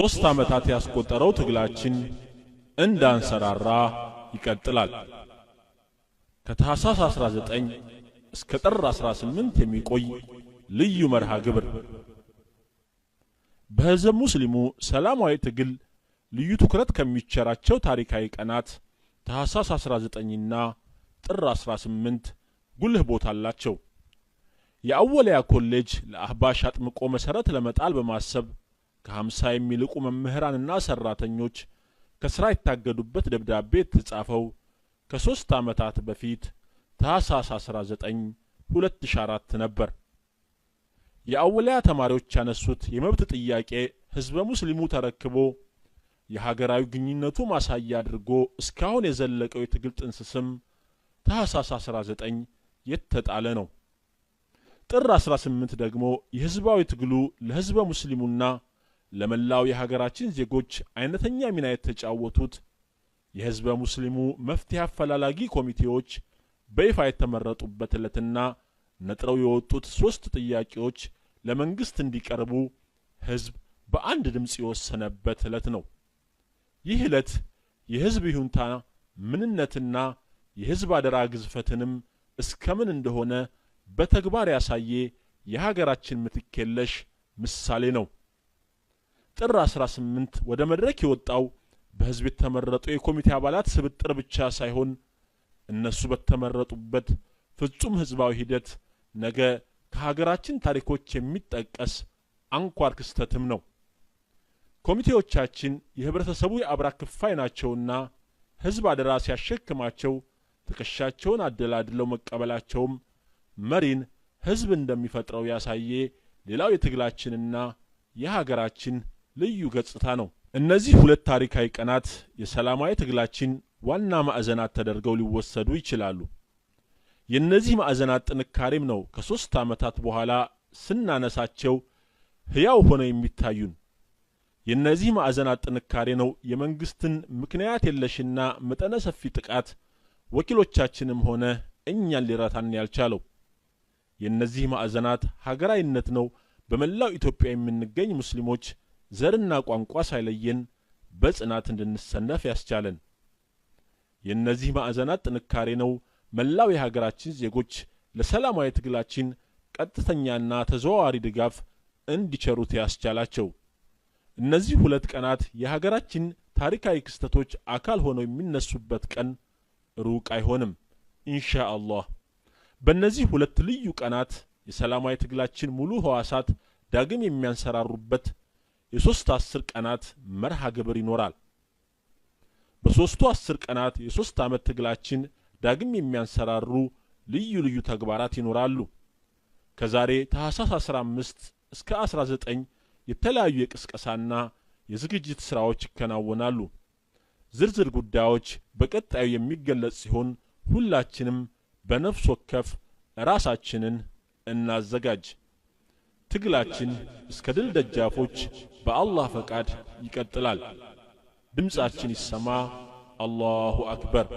ሦስት ዓመታት ያስቆጠረው ትግላችን እንዳንሰራራ ይቀጥላል። ከታህሳስ 19 እስከ ጥር 18 የሚቆይ ልዩ መርሃ ግብር በሕዝብ ሙስሊሙ ሰላማዊ ትግል ልዩ ትኩረት ከሚቸራቸው ታሪካዊ ቀናት ታህሳስ 19ና ጥር 18 ጉልህ ቦታ አላቸው። የአወልያ ኮሌጅ ለአህባሽ አጥምቆ መሠረት ለመጣል በማሰብ ከሀምሳ የሚልቁ መምህራንና ሠራተኞች ከሥራ የታገዱበት ደብዳቤ የተጻፈው ከሦስት ዓመታት በፊት ታኅሳስ 19 2004 ነበር። የአወላያ ተማሪዎች ያነሱት የመብት ጥያቄ ሕዝበ ሙስሊሙ ተረክቦ የሀገራዊ ግንኙነቱ ማሳያ አድርጎ እስካሁን የዘለቀው የትግል ጥንስስም ታኅሳስ 19 የተጣለ ነው። ጥር 18 ደግሞ የሕዝባዊ ትግሉ ለሕዝበ ሙስሊሙና ለመላው የሀገራችን ዜጎች አይነተኛ ሚና የተጫወቱት የህዝበ ሙስሊሙ መፍትሄ አፈላላጊ ኮሚቴዎች በይፋ የተመረጡበት ዕለትና ነጥረው የወጡት ሦስት ጥያቄዎች ለመንግሥት እንዲቀርቡ ሕዝብ በአንድ ድምፅ የወሰነበት ዕለት ነው። ይህ ዕለት የሕዝብ ይሁንታ ምንነትና የሕዝብ አደራ ግዝፈትንም እስከምን እንደሆነ በተግባር ያሳየ የሀገራችን ምትክ የለሽ ምሳሌ ነው። ጥር 18 ወደ መድረክ የወጣው በህዝብ የተመረጡ የኮሚቴ አባላት ስብጥር ብቻ ሳይሆን እነሱ በተመረጡበት ፍጹም ህዝባዊ ሂደት ነገ ከሀገራችን ታሪኮች የሚጠቀስ አንኳር ክስተትም ነው። ኮሚቴዎቻችን የህብረተሰቡ የአብራ ክፋይ ናቸውና ህዝብ አደራ ሲያሸክማቸው ትከሻቸውን አደላድለው መቀበላቸውም መሪን ህዝብ እንደሚፈጥረው ያሳየ ሌላው የትግላችንና የሀገራችን ልዩ ገጽታ ነው። እነዚህ ሁለት ታሪካዊ ቀናት የሰላማዊ ትግላችን ዋና ማዕዘናት ተደርገው ሊወሰዱ ይችላሉ። የእነዚህ ማዕዘናት ጥንካሬም ነው ከሦስት ዓመታት በኋላ ስናነሳቸው ሕያው ሆነው የሚታዩን። የእነዚህ ማዕዘናት ጥንካሬ ነው የመንግሥትን ምክንያት የለሽና መጠነ ሰፊ ጥቃት ወኪሎቻችንም ሆነ እኛን ሊረታን ያልቻለው። የእነዚህ ማዕዘናት ሀገራዊነት ነው በመላው ኢትዮጵያ የምንገኝ ሙስሊሞች ዘርና ቋንቋ ሳይለየን በጽናት እንድንሰነፍ ያስቻለን የእነዚህ ማዕዘናት ጥንካሬ ነው መላው የሀገራችን ዜጎች ለሰላማዊ ትግላችን ቀጥተኛና ተዘዋዋሪ ድጋፍ እንዲቸሩት ያስቻላቸው። እነዚህ ሁለት ቀናት የሀገራችን ታሪካዊ ክስተቶች አካል ሆነው የሚነሱበት ቀን ሩቅ አይሆንም ኢንሻ አላህ። በእነዚህ ሁለት ልዩ ቀናት የሰላማዊ ትግላችን ሙሉ ህዋሳት ዳግም የሚያንሰራሩበት የሶስት አስር ቀናት መርሃ ግብር ይኖራል። በሶስቱ አስር ቀናት የሶስት ዓመት ትግላችን ዳግም የሚያንሰራሩ ልዩ ልዩ ተግባራት ይኖራሉ። ከዛሬ ታህሳስ 15 እስከ 19 የተለያዩ የቅስቀሳና የዝግጅት ሥራዎች ይከናወናሉ። ዝርዝር ጉዳዮች በቀጣዩ የሚገለጽ ሲሆን ሁላችንም በነፍስ ወከፍ ራሳችንን እናዘጋጅ። ትግላችን እስከ ድል ደጃፎች በአላህ ፈቃድ ይቀጥላል ድምፃችን ይሰማ አላሁ አክበር